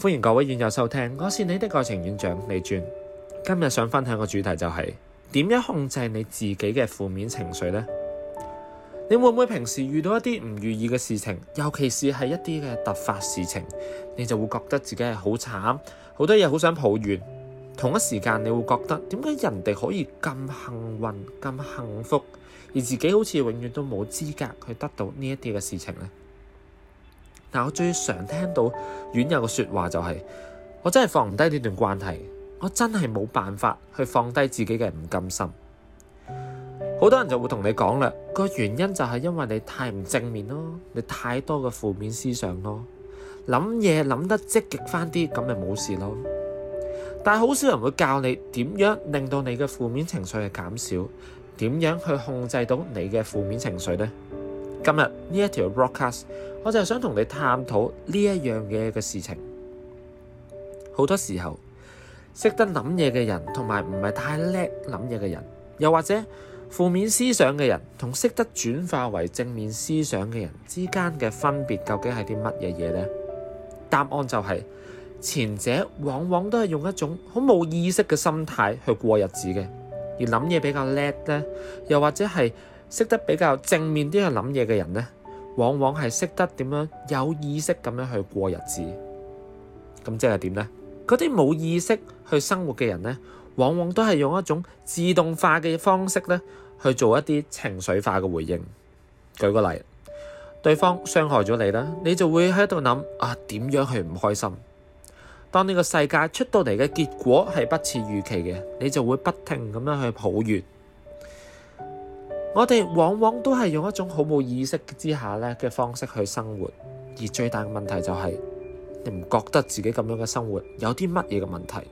歡迎各位院友收聽，我是你的愛情院長李專。今日想分享個主題就係點樣控制你自己嘅負面情緒呢？你會唔會平時遇到一啲唔如意嘅事情，尤其是係一啲嘅突發事情，你就會覺得自己係好慘，好多嘢好想抱怨。同一時間你會覺得點解人哋可以咁幸運、咁幸福，而自己好似永遠都冇資格去得到呢一啲嘅事情呢？.但我最常聽到院友嘅說話就係，我真係放唔低呢段關係，我真係冇辦法去放低自己嘅唔甘心。好多人就會同你講啦，個原因就係因為你太唔正面咯，你太多嘅負面思想咯，諗嘢諗得積極翻啲，咁咪冇事咯。但係好少人會教你點樣令到你嘅負面情緒係減少，點樣去控制到你嘅負面情緒呢。今日呢一條 broadcast，我就係想同你探討呢一樣嘢嘅事情。好多時候，識得諗嘢嘅人，同埋唔係太叻諗嘢嘅人，又或者負面思想嘅人，同識得轉化為正面思想嘅人之間嘅分別，究竟係啲乜嘢嘢呢？答案就係：前者往往都係用一種好冇意識嘅心態去過日子嘅，而諗嘢比較叻咧，又或者係。識得比較正面啲去諗嘢嘅人呢，往往係識得點樣有意識咁樣去過日子。咁即係點呢？嗰啲冇意識去生活嘅人呢，往往都係用一種自動化嘅方式呢去做一啲情緒化嘅回應。舉個例，對方傷害咗你啦，你就會喺度諗啊，點樣去唔開心。當呢個世界出到嚟嘅結果係不似預期嘅，你就會不停咁樣去抱怨。我哋往往都係用一種好冇意識之下咧嘅方式去生活，而最大嘅問題就係你唔覺得自己咁樣嘅生活有啲乜嘢嘅問題。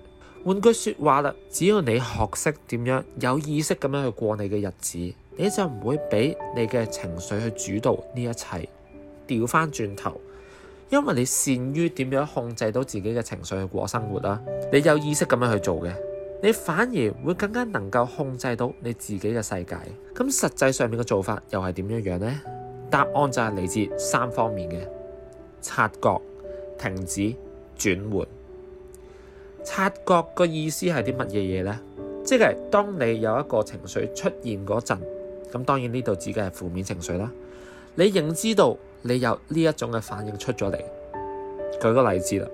換句說話啦，只要你學識點樣有意識咁樣去過你嘅日子，你就唔會俾你嘅情緒去主導呢一切。掉翻轉頭，因為你善於點樣控制到自己嘅情緒去過生活啦，你有意識咁樣去做嘅。你反而會更加能夠控制到你自己嘅世界。咁實際上面嘅做法又係點樣樣呢？答案就係嚟自三方面嘅，察覺、停止、轉換。察覺個意思係啲乜嘢嘢呢？即係當你有一個情緒出現嗰陣，咁當然呢度指嘅係負面情緒啦。你認知到你有呢一種嘅反應出咗嚟。舉個例子啦，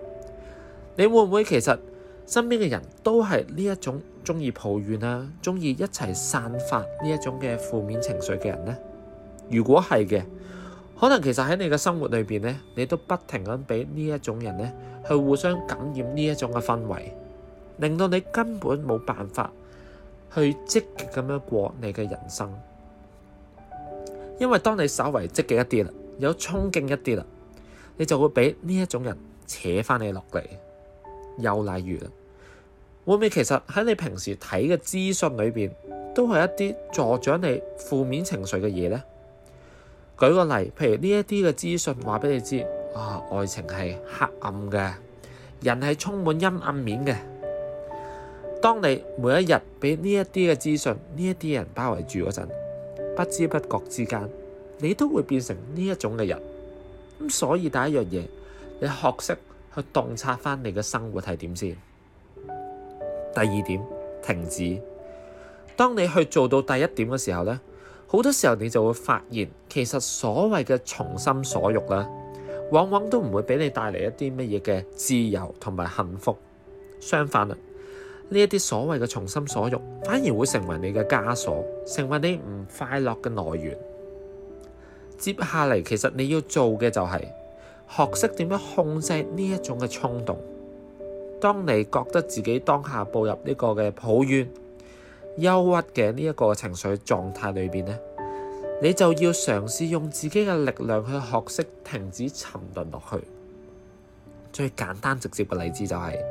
你會唔會其實？身邊嘅人都係呢一種中意抱怨啊，中意一齊散發呢一種嘅負面情緒嘅人呢？如果係嘅，可能其實喺你嘅生活裏邊呢，你都不停咁俾呢一種人呢去互相感染呢一種嘅氛圍，令到你根本冇辦法去積極咁樣過你嘅人生。因為當你稍為積極一啲啦，有衝勁一啲啦，你就會俾呢一種人扯翻你落嚟。又例如啦，會唔會其實喺你平時睇嘅資訊裏邊，都係一啲助長你負面情緒嘅嘢呢？舉個例，譬如呢一啲嘅資訊話俾你知，啊、哦，愛情係黑暗嘅，人係充滿陰暗面嘅。當你每一日俾呢一啲嘅資訊，呢一啲人包圍住嗰陣，不知不覺之間，你都會變成呢一種嘅人。咁所以第一樣嘢，你學識。去洞察翻你嘅生活係點先。第二點，停止。當你去做到第一點嘅時候呢，好多時候你就會發現，其實所謂嘅從心所欲啦，往往都唔會俾你帶嚟一啲乜嘢嘅自由同埋幸福。相反，呢一啲所謂嘅從心所欲，反而會成為你嘅枷鎖，成為你唔快樂嘅來源。接下嚟，其實你要做嘅就係、是。學識點樣控制呢一種嘅衝動。當你覺得自己當下步入呢個嘅抱怨、憂鬱嘅呢一個情緒狀態裏邊咧，你就要嘗試用自己嘅力量去學識停止沉淪落去。最簡單直接嘅例子就係、是，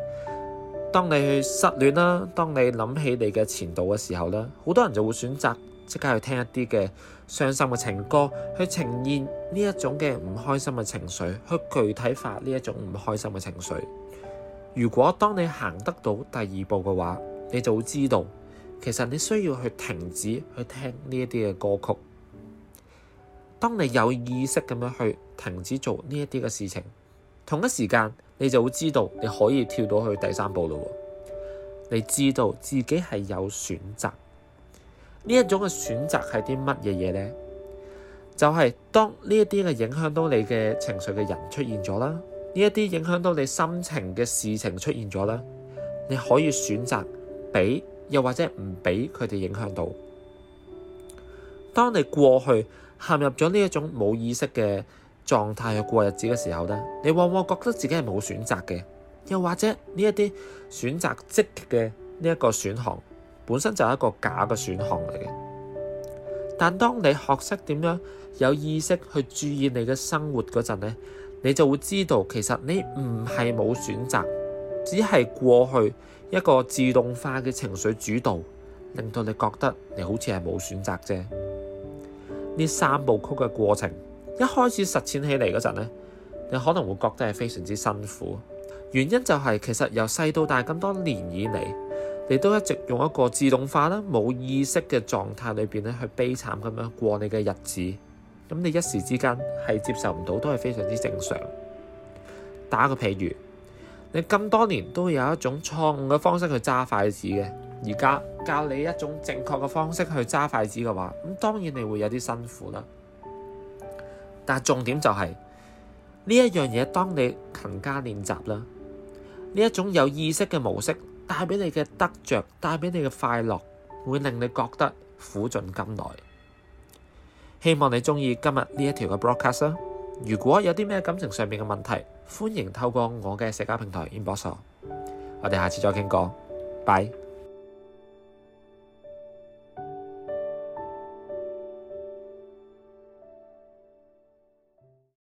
當你去失戀啦，當你諗起你嘅前度嘅時候咧，好多人就會選擇。即刻去聽一啲嘅傷心嘅情歌，去呈現呢一種嘅唔開心嘅情緒，去具體化呢一種唔開心嘅情緒。如果當你行得到第二步嘅話，你就會知道，其實你需要去停止去聽呢一啲嘅歌曲。當你有意識咁樣去停止做呢一啲嘅事情，同一時間你就會知道你可以跳到去第三步咯。你知道自己係有選擇。呢一種嘅選擇係啲乜嘢嘢咧？就係當呢一啲嘅影響到你嘅情緒嘅人出現咗啦，呢一啲影響到你心情嘅事情出現咗啦，你可以選擇俾又或者唔俾佢哋影響到。當你過去陷入咗呢一種冇意識嘅狀態去過日子嘅時候呢，你往往覺得自己係冇選擇嘅，又或者呢一啲選擇積極嘅呢一個選項，本身就係一個假嘅選項嚟嘅，但當你學識點樣有意識去注意你嘅生活嗰陣呢，你就會知道其實你唔係冇選擇，只係過去一個自動化嘅情緒主導，令到你覺得你好似係冇選擇啫。呢三部曲嘅過程，一開始實踐起嚟嗰陣呢，你可能會覺得係非常之辛苦，原因就係其實由細到大咁多年以嚟。你都一直用一個自動化啦、冇意識嘅狀態裏邊咧，去悲慘咁樣過你嘅日子，咁你一時之間係接受唔到，都係非常之正常。打個譬如，你咁多年都有一種錯誤嘅方式去揸筷子嘅，而家教你一種正確嘅方式去揸筷子嘅話，咁當然你會有啲辛苦啦。但重點就係呢一樣嘢，當你勤加練習啦，呢一種有意識嘅模式。帶俾你嘅得着，帶俾你嘅快樂，會令你覺得苦盡甘來。希望你鍾意今日呢一條嘅 broadcast 啦。如果有啲咩感情上面嘅問題，歡迎透過我嘅社交平台 inbox、er。我哋下次再傾過，拜拜。